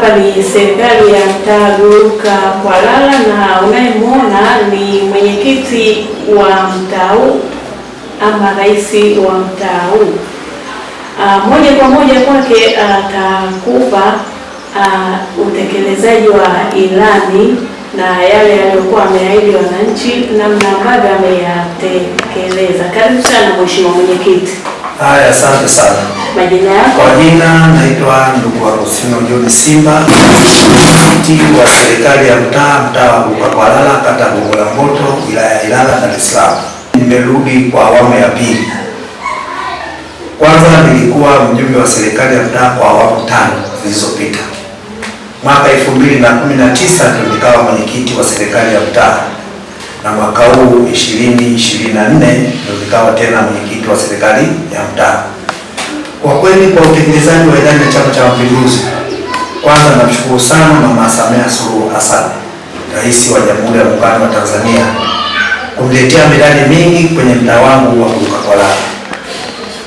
Hapa ni serikali ya mtaa Guluka Kwalala, na unayemwona ni mwenyekiti wa mtaa huu ama rais wa mtaa huu. Ah, moja kwa moja kwake atakupa ah, utekelezaji wa ilani na yale yaliyokuwa ameahidi wananchi, namna ambavyo ameyatekeleza. Karibu sana mheshimiwa mwenyekiti. Haya, asante sana. Majina yako? Kwa jina naitwa ndugu wa Agostino John Simba, mwenyekiti wa serikali ya mtaa, mtaa wa Bukakwalala, kata Gongo la Mboto, wilaya ya Ilala, Dar es Salaam. Nimerudi kwa awamu ya pili. Kwanza nilikuwa mjumbe wa serikali ya mtaa kwa awamu tano zilizopita. Mwaka 2019 ndio nikawa mwenyekiti wa serikali ya mtaa na mwaka huu 2024 ndio nikawa tena mwenyekiti wa serikali ya mtaa. Kwa kweli kwa utekelezaji wa ilani ya Chama cha Mapinduzi, kwanza namshukuru sana Mama Samia Suluhu Hassan, Rais wa Jamhuri ya Muungano wa Tanzania kumletea miradi mingi kwenye mtaa wangu wa Lukakolala.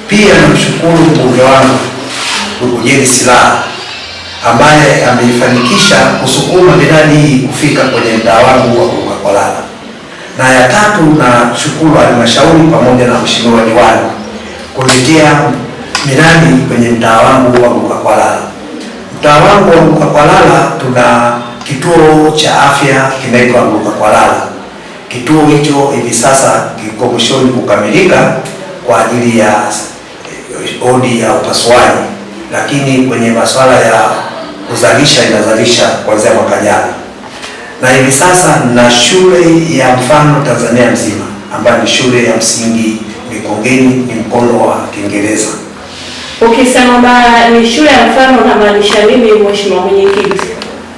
Pia namshukuru mbunge wangu ndugu Jerry Silaa ambaye ameifanikisha kusukuma miradi hii kufika kwenye mtaa wangu wa Lukakolala na ya tatu na shukuru halmashauri pamoja na mheshimiwa diwani kuletea miradi kwenye mtaa wangu wa Mkwakwalala. Mtaa wangu wa Mkwakwalala tuna kituo cha afya kinaitwa Mkwakwalala. Kituo hicho hivi sasa kiko mwishoni kukamilika kwa ajili ya eh, odi ya upasuaji, lakini kwenye masuala ya kuzalisha inazalisha kuanzia mwaka jana na hivi sasa na shule ya mfano Tanzania mzima ambayo ni shule ya msingi Mikongeni, ni mkono wa Kiingereza. Ukisema ba ni shule ya mfano unamaanisha nini, mheshimiwa mwenyekiti?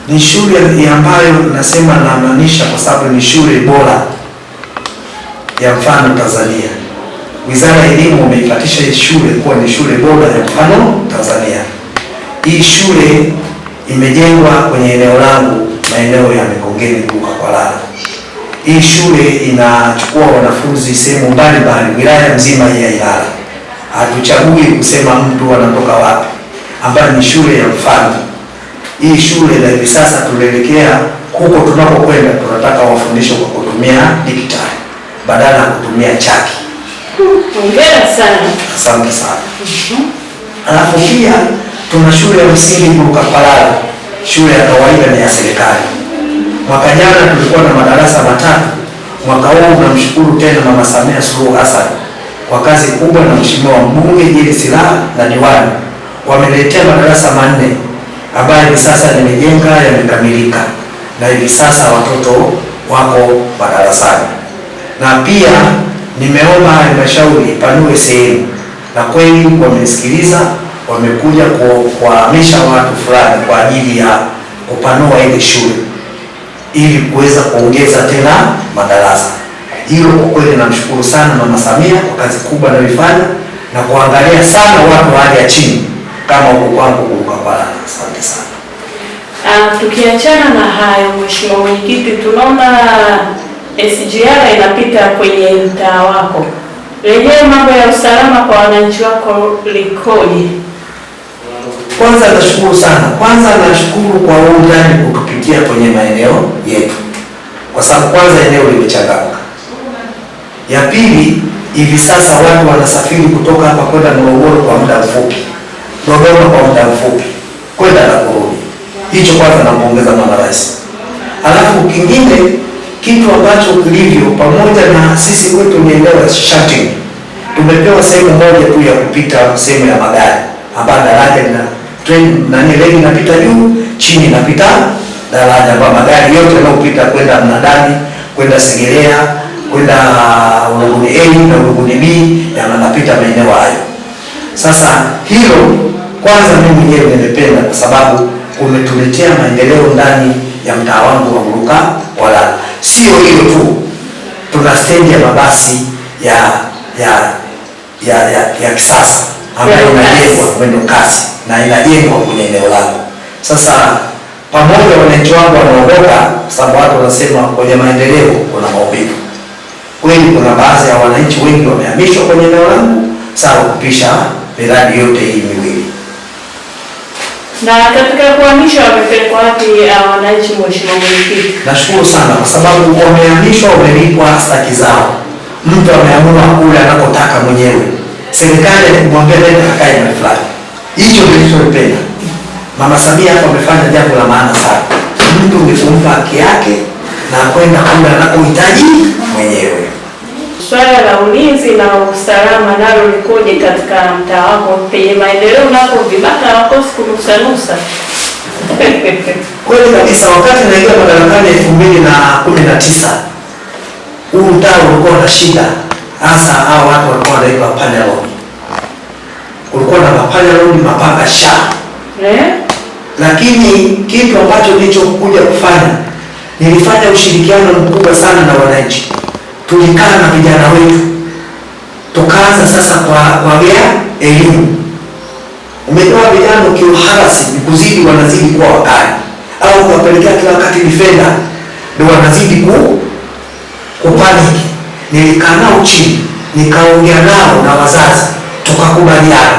Ni shule ambayo nasema namaanisha kwa sababu ni shule bora ya mfano Tanzania. Wizara ya Elimu umeipatisha shule kuwa ni shule bora ya mfano Tanzania. Hii shule imejengwa kwenye eneo langu maeneo ya Mikongeni kuka kwa lala. Hii shule inachukua wanafunzi sehemu mbalimbali wilaya nzima ya Ilala. Hatuchagui kusema mtu anatoka wapi, ambayo ni shule ya mfano. Hii shule na hivi sasa tunaelekea huko tunapokwenda, tunataka wafundisho kwa kutumia digitali badala ya kutumia chaki. Hongera sana, asante sana. Alafu pia tuna shule ya msingi Bukapalala shule ya kawaida ni ya serikali. Mwaka jana tulikuwa na madarasa matatu, mwaka huu tunamshukuru tena Mama Samia Suluhu Hassan kwa kazi kubwa na Mheshimiwa mbunge Jerry Silaa na diwani wameletea madarasa manne ambayo hivi sasa nimejenga yamekamilika, na hivi sasa watoto wako madarasani, na pia nimeomba halmashauri ipanue sehemu, na kweli wamesikiliza wamekuja kuwahamisha watu fulani kwa ajili ya kupanua ile shule ili kuweza kuongeza tena madarasa. Hilo kwa kweli namshukuru sana Mama Samia kwa kazi kubwa anayofanya na kuangalia sana watu wa hali ya chini kama huko kwangu Ukapala. Asante sana. Uh, tukiachana na hayo, Mheshimiwa Mwenyekiti, tunaona eh, SGR inapita kwenye mtaa wako, lenyewe mambo ya usalama kwa wananchi wako likoje? Kwanza nashukuru sana, kwanza nashukuru kwa ndani kutupitia kwenye maeneo yetu, kwa sababu kwanza eneo limechangamka. Ya pili, hivi sasa watu wanasafiri kutoka hapa kwenda Morogoro kwa muda mfupi, Dodoma kwa muda mfupi, kwenda na kurudi. Hicho kwanza nampongeza mama rais. Alafu kingine kitu ambacho kilivyo pamoja na sisi kwetu ni eneo la shutting, tumepewa sehemu moja tu ya kupita sehemu ya magari ambayo daraja lina Train nani reli inapita juu, chini inapita daraja, kwa magari yote yanayopita kwenda mnadani, kwenda Segerea, kwenda Uluguni A na Uluguni B yanapita maeneo hayo. Sasa hilo kwanza, mimi mwenyewe nimependa kwa sababu umetuletea maendeleo ndani ya mtaa wangu wa kwa Walala. Sio hilo tu, tuna stendi ya mabasi ya ya ya ya, ya kisasa ambayo inajengwa mwendo kasi na inajengwa kwenye eneo lako. Sasa pamoja, wananchi wangu wanaondoka sababu watu wanasema kwenye maendeleo kuna maumivu. Kweli kuna baadhi ya wananchi wengi wamehamishwa kwenye eneo langu sawa kupisha miradi yote hii miwili. Na katika kuhamishwa wamepelekwa wapi uh, wananchi, mheshimiwa mwenyekiti? Nashukuru sana kwa sababu wamehamishwa, wamelipwa staki zao, mtu ameamua kule anakotaka mwenyewe serikali kumwambia nenda akae na fulani. Hicho nilichopenda Mama Samia hapo amefanya jambo la maana sana. Mtu ungefumpa haki yake na kwenda kule anakohitaji mwenyewe. Swala la ulinzi na usalama nalo likoje katika mtaa wako? Penye maendeleo nako vibaka hawakosi kunusanusa. Kweli kabisa, wakati naingia madarakani elfu mbili na kumi na tisa huu mtaa ulikuwa na shida Hasa hao watu walikuwa wanaitwa panyaloni. Kulikuwa na mapanyaloni mapanga sha. Eh? Lakini kitu ambacho nilichokuja kufanya nilifanya ushirikiano mkubwa sana na wananchi. Tulikaa na vijana wetu. Tukaanza sasa kwa kuwagea elimu. Umetoa vijana kiuharasi ni kuzidi wanazidi kuwa wakali au kuwapelekea kila wakati defender ndio wanazidi ku kupaniki nilikaa nao chini, nikaongea nao na wazazi, tukakubaliana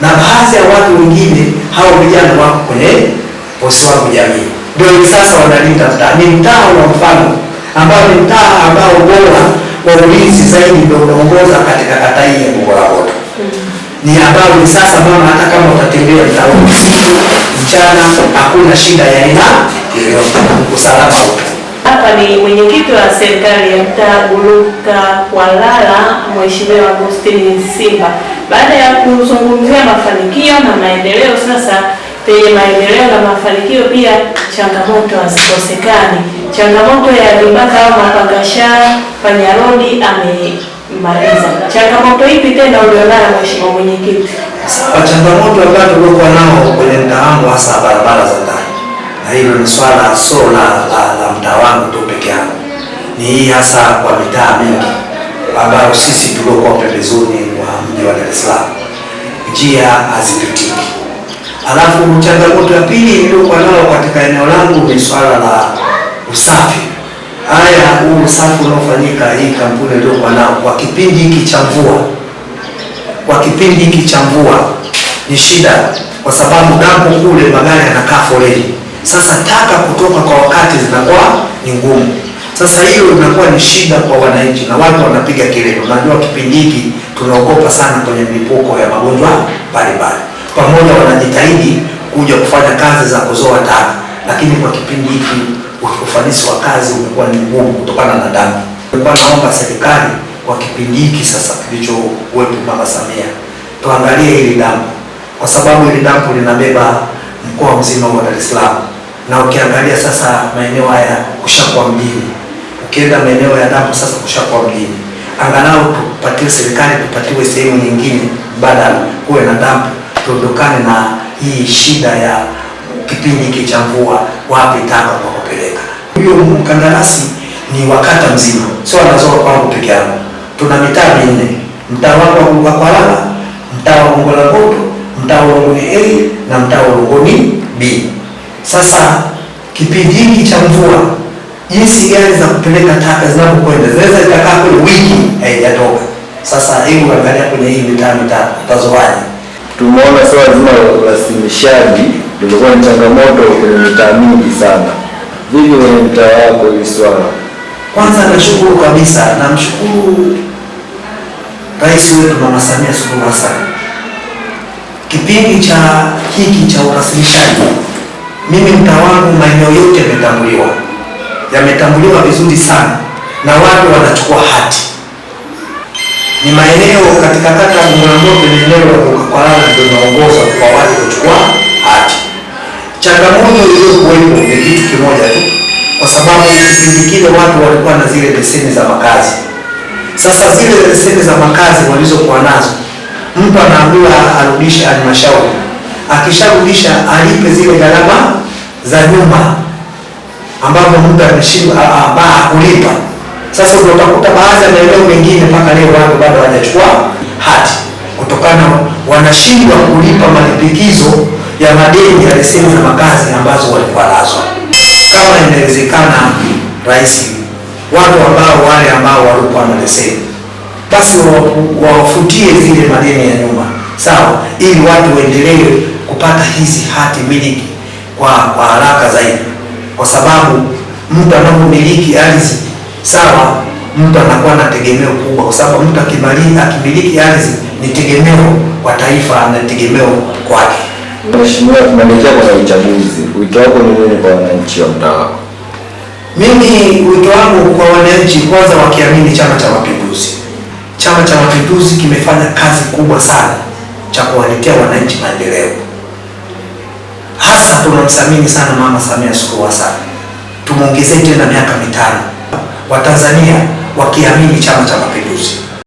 na baadhi ya watu wengine. Hao vijana wako kwenye bosi wangu jamii, ndio hivi sasa wanalinda mtaa. Ni mtaa wa mfano ambao ni mtaa ambao bora wa ulinzi zaidi ndio unaongoza katika kata hii ya Mgolagoto mm. ni ambao ni sasa mama, hata kama utatembea mtaa usiku mchana, hakuna shida ya aina yoyote, usalama hapa ni mwenyekiti wa serikali ya mtaa Buluka Walala, Mheshimiwa Agustini Simba. Baada ya kuzungumzia mafanikio na maendeleo, sasa penye maendeleo na mafanikio pia changamoto hazikosekani. Changamoto ya vibaka au mapangashaa panyarodi amemaliza. Changamoto ipi tena ulionayo Mheshimiwa mwenyekiti? Changamoto ambayo tuliokuwa nao kwenye mtaa wangu hasa barabara za hilo ni swala so la, la, la mtaa wangu tu peke yangu, ni hii hasa kwa mitaa mingi ambayo sisi tuliokuwa pembezoni wa mji wa Dar es Salaam njia hazipitiki. Alafu changamoto ya pili niliyokuwa nayo katika eneo langu ni swala la usafi. Haya, huu usafi unaofanyika hii kampuni iliyokuwa nao kwa kipindi hiki cha mvua, kwa kipindi hiki cha mvua ni shida, kwa sababu dampo kule magari yanakaa foleni sasa taka kutoka kwa wakati zinakuwa ni ngumu. Sasa hiyo inakuwa ni shida kwa wananchi na watu wanapiga kelele. Unajua, kipindi hiki tunaogopa sana kwenye mlipuko ya magonjwa mbalimbali. Pamoja wanajitahidi kuja kufanya kazi za kuzoa taka, lakini kwa kipindi hiki ufanisi wa kazi umekuwa ni ngumu kutokana na dhambi. Nilikuwa naomba serikali kwa kipindi hiki sasa kilichokuwepo, Mama Samia, tuangalie hili dampo kwa sababu hili dampo linabeba mkoa mzima wa Dar es Salaam, na ukiangalia sasa maeneo haya kushakuwa mjini, ukienda maeneo ya dampo sasa kushakuwa mjini. Angalau tupatiwe serikali, tupatiwe sehemu nyingine badala kuwe na dampo, tuondokane na hii shida ya kipindi hiki cha mvua, wapi taka kwa kupeleka. Huyo mkandarasi ni wakata mzima, sio anazoa kwangu peke yangu. Tuna mitaa minne, mtaa wangu wa Kwalala, mtaa wa Gongo la Mboto mtaa Ulongoni A na mtaa Ulongoni B. Sasa kipindi hiki cha mvua, jinsi gani za kupeleka taka zinapokwenda, zinaweza zikakaa kwenye wiki haijatoka. Sasa hiyo unaangalia kwenye hii mitaa mitatu utazoaje? Tumeona swala zima la urasimishaji limekuwa ni changamoto kwenye mitaa mingi sana. Vipi kwenye mitaa yako hili swala? Kwanza nashukuru kabisa, namshukuru Rais wetu Mama Samia Suluhu Hassan Kipindi cha hiki cha urasimishaji, mimi mtaa wangu maeneo yote yametambuliwa, yametambuliwa vizuri sana na watu wanachukua hati. Ni maeneo katika kata ya ni eneo la Ukakwalana ndio inaongoza kwa watu kuchukua hati. Changamoto iliyokuwepo ni kitu kimoja tu, kwa sababu kipindi kile watu walikuwa na zile leseni za makazi. Sasa zile leseni za makazi walizokuwa nazo mtu anaambiwa arudishe halmashauri, akisharudisha alipe zile gharama za nyumba ambapo mtu ameshindwa baa kulipa. Sasa utakuta baadhi ya maeneo mengine mpaka leo watu bado hawajachukua hati kutokana wanashindwa kulipa malipikizo ya madeni ya leseni za makazi ambazo walikuwa nazo. Kama inawezekana, Rais, watu ambao wale ambao walikuwa na leseni basi wawafutie zile madeni ya nyuma, sawa, ili watu waendelee kupata hizi hati miliki kwa kwa haraka zaidi, kwa sababu mtu anapomiliki ardhi sawa, mtu anakuwa na tegemeo kubwa, kwa sababu mtu akimiliki ardhi ni tegemeo kwa taifa na tegemeo kwake. Mheshimiwa, tunaelekea kwenye uchaguzi, wito wako ni nini kwa wananchi wa mtaa wako? Mimi wito wangu kwa wananchi, kwanza wakiamini Chama cha Mapinduzi Chama cha Mapinduzi kimefanya kazi kubwa sana cha kuwaletea wananchi maendeleo. Hasa tunamthamini sana Mama Samia Suluhu Hassan, tumwongezee tena miaka mitano, Watanzania wakiamini Chama cha Mapinduzi.